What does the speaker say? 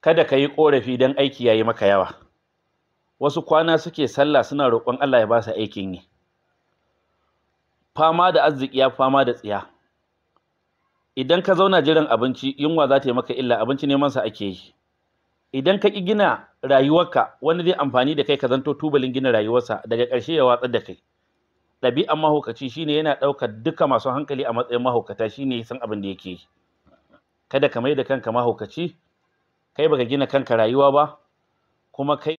kada ka yi ƙorafi don aiki ya yi maka yawa wasu kwana suke sallah suna roƙon Allah ya ba su aikin yi fama da arziki ya fama da tsiya idan ka zauna jiran abinci yunwa za ta yi maka illa abinci neman sa ake yi idan ka ƙi gina rayuwarka wani zai amfani da kai ka zanto tubalin gina rayuwarsa daga ƙarshe ya watsar da kai ɗabi'an mahaukaci shine yana ɗaukar duka masu hankali a matsayin mahaukata shi shine san abin da yake yi kada ka mai da kanka mahaukaci kai baka gina kanka rayuwa ba kuma kai